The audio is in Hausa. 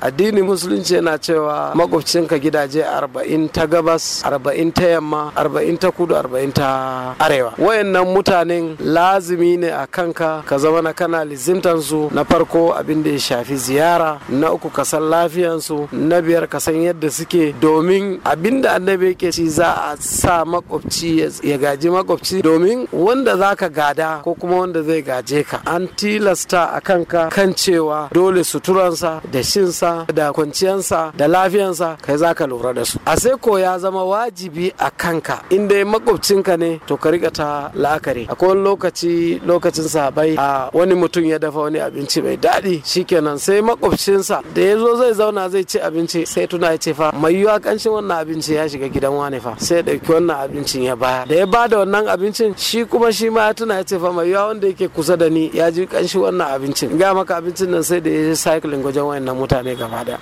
addini musulunci yana cewa makwabcinka gidaje arba'in ta gabas arba'in ta yamma arba'in ta kudu arba'in ta arewa wayannan mutanen lazimi ne a kanka ka zama na kana su na farko abin da ya shafi ziyara na uku ka san lafiyansu na biyar ka san yadda suke domin abin da annabi yake ci za a sa makwabci ya gaji makwabci domin wanda za ka gada ko kuma wanda zai gaje ka an tilasta a kanka kan cewa dole suturansa da shinsa sa da kwanciyansa da lafiyansa kai za ka lura da su a sai ko ya zama wajibi a kanka in ya makwabcinka ne to ka rika ta la'akari akwai wani lokaci lokacin sahabai a wani mutum ya dafa wani abinci mai daɗi shikenan sai makwabcinsa da ya zo zai zauna zai ci abinci sai tuna ya ce fa mai yiwa kanshin wannan abinci ya shiga gidan wani fa sai ɗauki wannan abincin ya baya da ya ba da wannan abincin shi kuma shi ma ya tuna ya ce fa mai yiwa wanda yake kusa da ni ya ji kanshi wannan abincin ga maka abincin nan sai da ya yi cycling wajen wayannan mutane gaba da